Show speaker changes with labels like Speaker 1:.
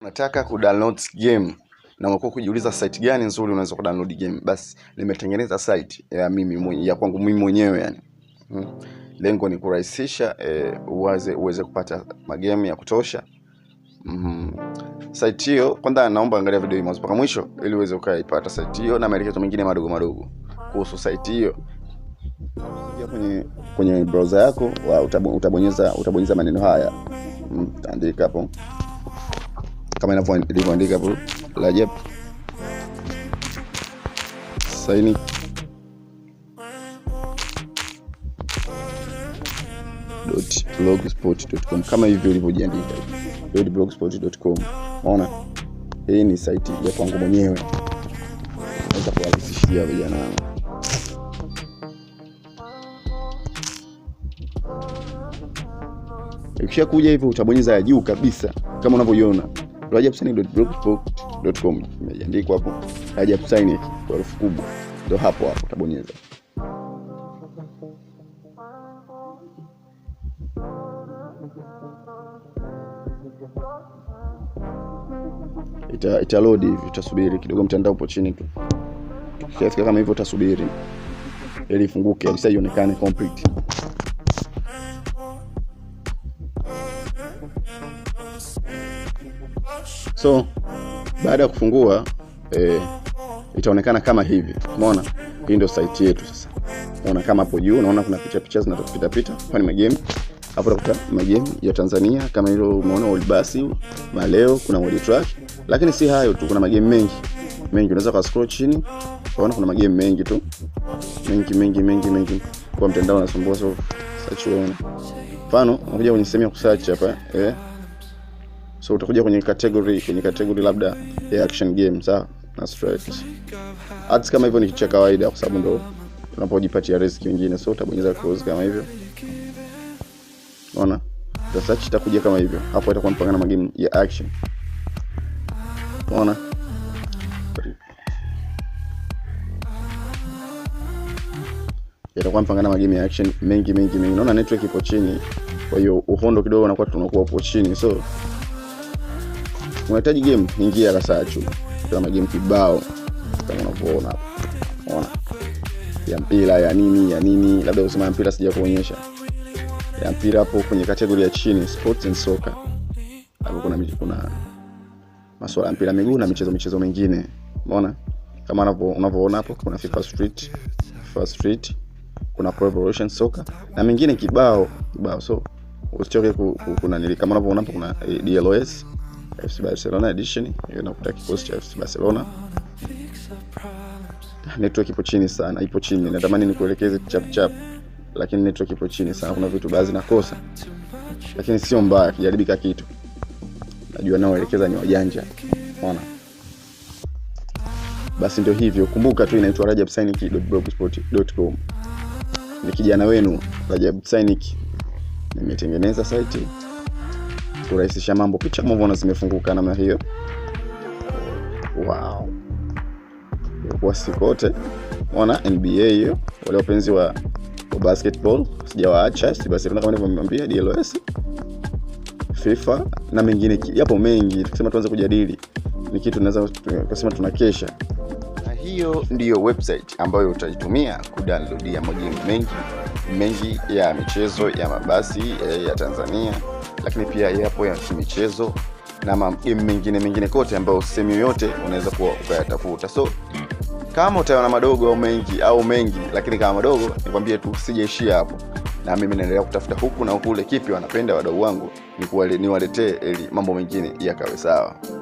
Speaker 1: Unataka kudownload game na umekuwa kujiuliza site gani nzuri unaweza kudownload game, basi nimetengeneza site ya mimi mwenye, ya kwangu mimi mwenyewe yani. Hmm. Lengo ni kurahisisha e, eh, uweze, uweze kupata magame ya kutosha. Mm -hmm. Site hiyo kwanza, naomba angalia video hii mwanzo mpaka mwisho ili uweze ukaipata site hiyo na maelekezo mengine madogo madogo kuhusu site hiyo. Kwenye, kwenye browser yako utabonyeza utabonyeza maneno haya, hmm. andika hapo kama ilivyoandika hapo Rajab saini. blogspot.com kama hivyo ulivyojiandika blogspot.com. Unaona, hii ni site ya kwangu mwenyewe, naweza kuwarahisishia vijana wangu kuja hivyo utabonyeza ya juu kabisa kama unavyoiona rajabsynic.blogspot.com imeandikwa hapo rajabsynic kwa herufi kubwa, ndio hapo hapo utabonyeza. Ita, ita load hivi, utasubiri kidogo, mtandao upo chini tu kiasi kama hivyo, utasubiri ili ifunguke kabisa ionekane complete. So baada ya kufungua eh, itaonekana kama hivi. Umeona, hii ndio site yetu sasa. Unaona kama hapo juu, unaona kuna picha picha zinatopita pita, kwa ni magame hapo utakuta magame ya Tanzania kama hilo, umeona old bus maleo, kuna old track, lakini si hayo tu, kuna magame mengi mengi. Unaweza kwa scroll chini unaona kuna magame mengi tu mengi mengi mengi mengi, kwa mtandao unasumbua, so search. wewe mfano, unakuja kwenye sehemu ya kusearch hapa eh so utakuja kwenye category kwenye category labda ya action game sawa ah, na strikes ads kama hivyo ni kitu cha kawaida kwa sababu ndo unapojipatia risk nyingine so utabonyeza close kama hivyo unaona the search itakuja kama hivyo hapo itakuwa mpangana magame ya action unaona yatakuwa mpangana magame ya action mengi mengi mengi unaona network ipo chini kwa hiyo uhondo kidogo unakuwa tunakuwa upo chini so unahitaji game ingia ya kasa chuma kama game kibao kama unavyoona hapo unaona ya mpira ya nini ya nini labda usema ya mpira sija kuonyesha ya mpira hapo kwenye kategori ya chini sports and soccer hapo kuna kuna masuala ya mpira miguu na michezo michezo mingine umeona kama unavyoona hapo kuna FIFA Street FIFA Street kuna Pro Evolution Soccer na mingine kibao kibao so usichoke kunanili ku, ku, kama unavyoona hapo kuna eh, DLOS fc barcelona edition hiyo nakuta kikosi cha fc barcelona network ipo chini sana ipo chini natamani nikuelekeze chap chap, lakini network ipo chini sana kuna vitu baadhi nakosa lakini sio mbaya kijaribika kitu najua nao elekeza ni wajanja ona basi ndio hivyo kumbuka tu inaitwa rajab ni kijana wenu rajab sainik nimetengeneza site kurahisisha mambo. Picha kama unaona zimefunguka namna hiyo. Wow, kwa sikote ona NBA hiyo, wale wapenzi wa, basketball sijawaacha, si kama nilivyomwambia, DLS, FIFA na mengine yapo mengi. Tukisema tuanze kujadili ni kitu tunaweza kusema tunakesha.
Speaker 2: Na hiyo ndiyo website ambayo utaitumia kudownloadia magemu mengi mengi ya michezo ya mabasi eh, ya Tanzania lakini pia yapo ya michezo na magemu mengine mengine kote ambayo sehemu yoyote unaweza kuwa ukayatafuta so kama utaona madogo au mengi au mengi lakini kama madogo nikwambie tu sijaishia hapo na mimi naendelea kutafuta huku na hukule kipi wanapenda wadau wangu niwaletee ili mambo mengine yakawe sawa